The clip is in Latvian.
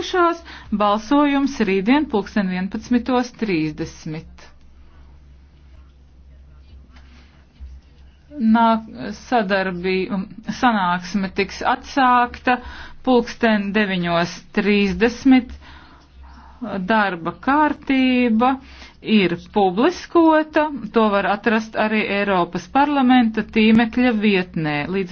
beigušās. Balsojums rītdien pulksten 11.30. Nāk, sadarbība, um, sanāksme tiks atsākta pulksten 9.30. Darba kārtība ir publiskota, to var atrast arī Eiropas parlamenta tīmekļa vietnē. Līdz